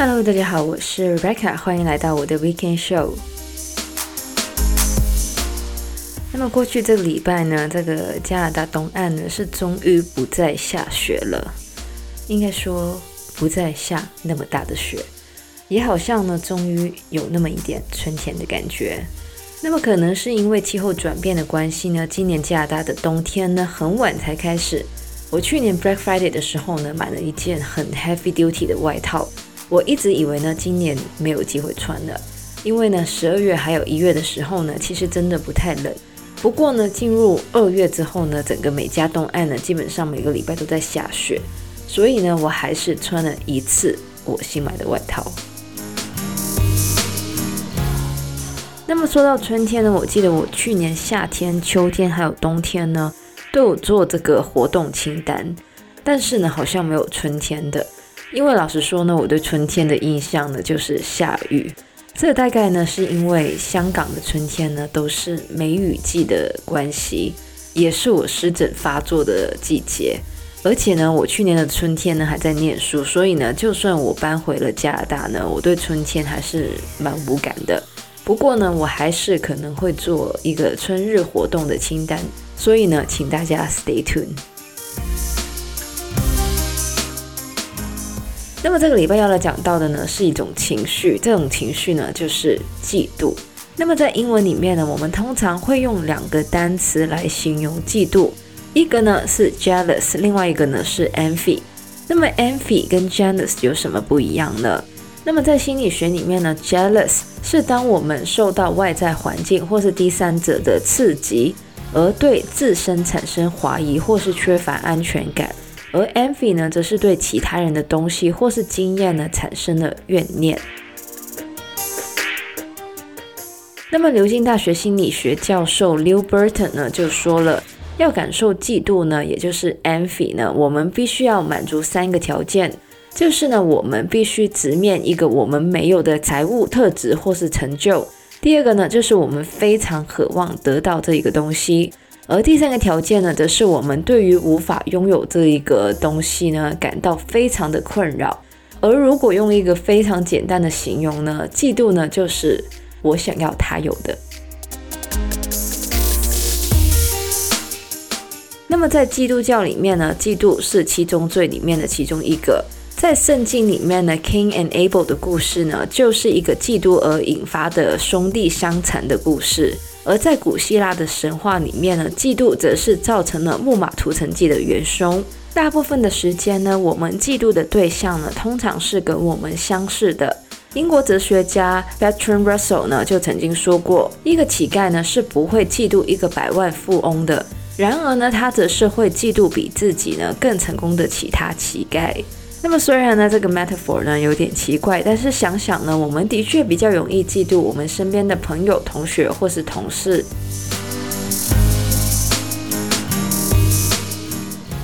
Hello，大家好，我是 Reka，歡迎來到我的 Weekend Show。那麼過去這個禮拜呢，這個加拿大東岸呢是終於不再下雪了，應該說不再下那麼大的雪，也好像呢終於有那麼一點春天的感覺。那麼可能是因為氣候轉變的關係呢，今年加拿大的冬天呢很晚才開始。我去年 b r e a k Friday 的時候呢，買了一件很 Heavy Duty 的外套。我一直以為呢，今年沒有機會穿了，因為呢，十二月還有一月的時候呢，其實真的不太冷。不過呢，進入二月之後呢，整個美加東岸呢，基本上每個禮拜都在下雪，所以呢，我還是穿了一次我新買的外套。 那麼說到春天呢，我記得我去年夏天、秋天還有冬天呢，都有做這個活動清單，但是呢，好像沒有春天的。因為老實說呢，我對春天的印象呢，就是下雨。這大概呢是因為香港的春天呢都是梅雨季的關係，也是我濕疹發作的季節。而且呢，我去年的春天呢還在念書，所以呢，就算我搬回了加拿大呢，我對春天還是蠻無感的。不過呢，我還是可能會做一個春日活動的清單，所以呢，請大家 stay tuned。那麼這個禮拜要來講到的呢，是一種情緒，這種情緒呢就是嫉妒。那麼在英文裡面呢，我們通常會用兩個單詞來形容嫉妒，一個呢是 jealous，另外一個呢是 envy。那麼 envy 跟 jealous 有什麼不一樣呢？那麼在心理學裡面呢，jealous 是當我們受到外在環境或是第三者的刺激，而對自身產生懷疑或是缺乏安全感。而 envy 呢，則是對其他人的東西或是經驗呢，產生了怨念。 那麼，牛津大學心理學教授 Neel Burton 呢，就說了，要感受嫉妒呢，也就是 envy 呢，我們必須要滿足三個條件，就是呢，我們必須直面一個我們沒有的財務特質或是成就。第二個呢，就是我們非常渴望得到這一個東西。而第三個條件呢，則是我們對於無法擁有這一個東西呢，感到非常的困擾。而如果用一個非常簡單的形容呢，嫉妒呢，就是我想要他有的。 那麼在基督教裡面呢，嫉妒是七宗罪裡面的其中一個。在聖經裡面呢，King and Abel 的故事呢，就是一個嫉妒而引發的兄弟相殘的故事。而在古希臘的神話裡面呢，嫉妒則是造成了木馬屠城記的元凶。大部分的時間呢，我們嫉妒的對象呢，通常是跟我們相似的。英國哲學家 Bertrand Russell 呢，就曾經說過，一個乞丐呢，是不會嫉妒一個百萬富翁的。然而呢，他則是會嫉妒比自己呢更成功的其他乞丐。那麼雖然呢，這個 metaphor 呢有點奇怪，但是想想呢，我們的確比較容易嫉妒我們身邊的朋友、同學或是同事。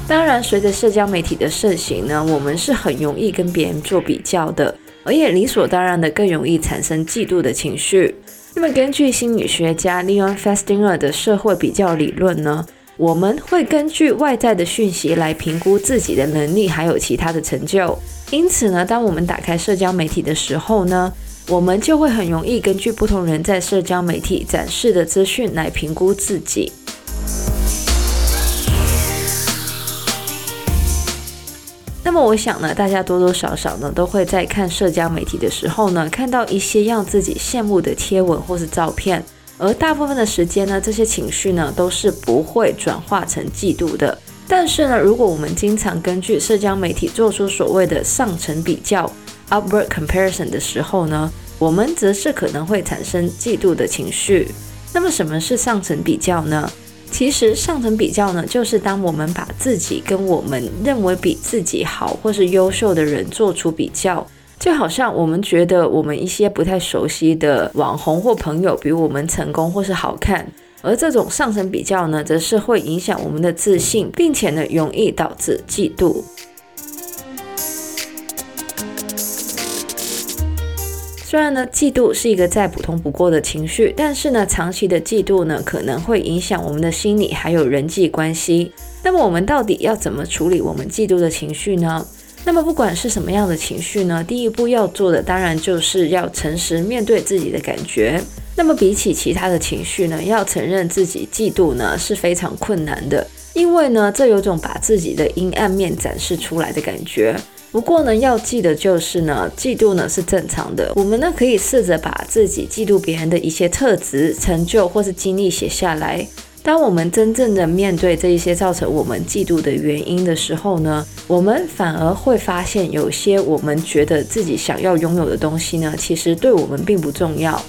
當然，隨着社交媒體的盛行呢，我們是很容易跟別人做比較的，而也理所當然的更容易產生嫉妒的情緒。那麼根據心理學家 Leon Festinger 的社會比較理論呢，我們會根據外在的訊息來評估自己的能力，還有其他的成就。因此呢，當我們打開社交媒體的時候呢，我們就會很容易根據不同人在社交媒體展示的資訊來評估自己。那麼我想呢，大家多多少少呢都會在看社交媒體的時候呢，看到一些讓自己羨慕的貼文或是照片。而大部分的時間呢，這些情緒呢都是不會轉化成嫉妒的。但是呢，如果我們經常根據社交媒體做出所謂的上層比較 （upward comparison） 的時候呢，我們則是可能會產生嫉妒的情緒。那麼，什麼是上層比較呢？其實，上層比較呢，就是當我們把自己跟我們認為比自己好或是優秀的人做出比較。就好像我們覺得我們一些不太熟悉的網紅或朋友比我們成功或是好看，而這種上層比較呢，則是會影響我們的自信，並且呢，容易導致嫉妒。雖然呢，嫉妒是一個再普通不過的情緒，但是呢，長期的嫉妒呢，可能會影響我們的心理還有人際關係。那麼，我們到底要怎麼處理我們嫉妒的情緒呢？那麼不管是什麼樣的情緒呢，第一步要做的當然就是要誠實面對自己的感覺。那麼比起其他的情緒呢，要承認自己嫉妒呢是非常困難的，因為呢這有種把自己的陰暗面展示出來的感覺。不過呢要記得就是呢，嫉妒呢是正常的，我們呢可以試着把自己嫉妒別人的一些特質、成就或是經歷寫下來。當我們真正的面對這一些造成我們嫉妒的原因的時候呢，我們反而會發現，有些我們覺得自己想要擁有的東西呢，其實對我們並不重要。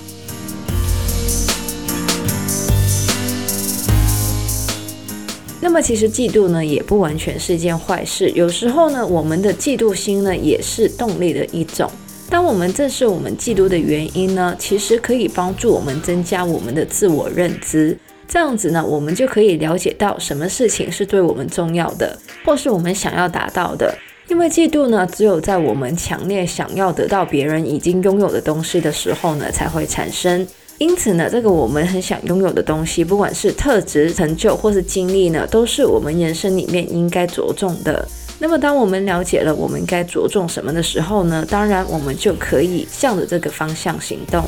那麼，其實嫉妒呢，也不完全是一件壞事。有時候呢，我們的嫉妒心呢，也是動力的一種。當我們正視我們嫉妒的原因呢，其實可以幫助我們增加我們的自我認知。這樣子呢，我們就可以了解到什麼事情是對我們重要的，或是我們想要達到的。因為嫉妒呢，只有在我們強烈想要得到別人已經擁有的東西的時候呢，才會產生。因此呢，這個我們很想擁有的東西，不管是特質、成就或是經歷呢，都是我們人生裡面應該着重的。那麼，當我們了解了我們該着重什麼的時候呢，當然，我們就可以向着這個方向行動。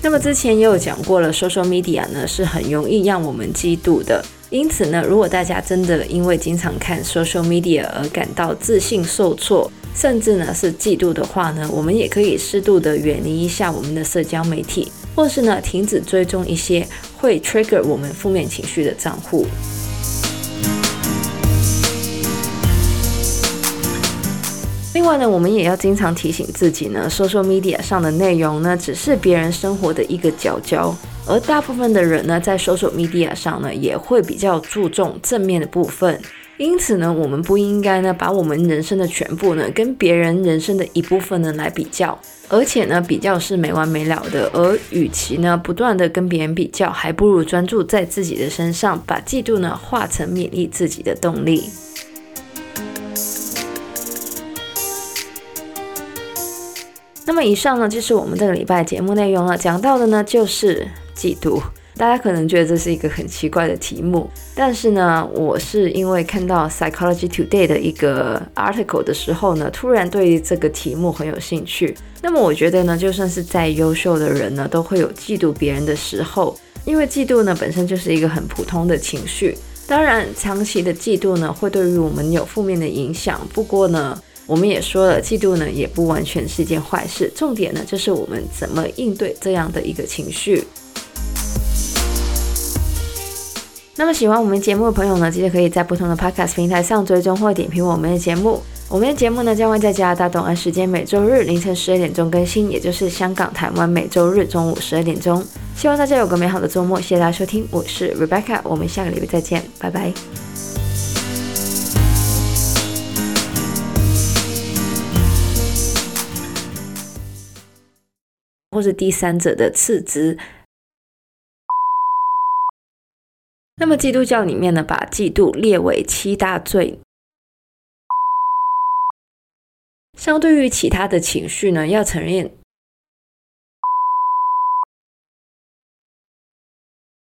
那麼之前也有講過了，social media 呢是很容易讓我們嫉妒的。因此呢，如果大家真的因為經常看 social media 而感到自信受挫，甚至呢是嫉妒的話呢，我們也可以適度的遠離一下我們的社交媒體。或是呢，停止追蹤一些會 trigger 我們負面情緒的賬戶。另外呢，我們也要經常提醒自己呢，social media 上的內容呢，只是別人生活的一個角角，而大部分的人呢，在 social media 上呢，也會比較注重正面的部分。因此呢，我們不應該呢，把我們人生的全部呢，跟別人人生的一部分呢，來比較，而且呢，比較是沒完沒了的。而與其呢，不斷的跟別人比較，還不如專注在自己的身上，把嫉妒呢化成勉勵自己的動力。那麼以上呢就是我們這個禮拜節目內容了，講到的呢就是嫉妒。大家可能覺得這是一個很奇怪的題目，但是呢，我是因為看到 Psychology Today 的一個 article 的時候呢，突然對這個題目很有興趣。那麼我覺得呢，就算是再優秀的人呢，都會有嫉妒別人的時候，因為嫉妒呢本身就是一個很普通的情緒。當然，長期的嫉妒呢會對於我們有負面的影響。不過呢，我們也說了，嫉妒呢也不完全是一件壞事。重點呢就是我們怎麼應對這樣的一個情緒。那麼喜歡我們節目的朋友呢，其實可以在不同的 podcast 平台上追蹤或點評我們的節目。我們的節目呢將會在加拿大東岸時間每周日凌晨十二點鐘更新，也就是香港、台灣每周日中午十二點鐘。希望大家有個美好的周末，謝謝大家收聽，我是 Rebecca，我們下個禮拜再見，拜拜。或是第三者的次之。那麼基督教裡面呢，把嫉妒列為七大罪。 相對於其他的情緒呢，要承認。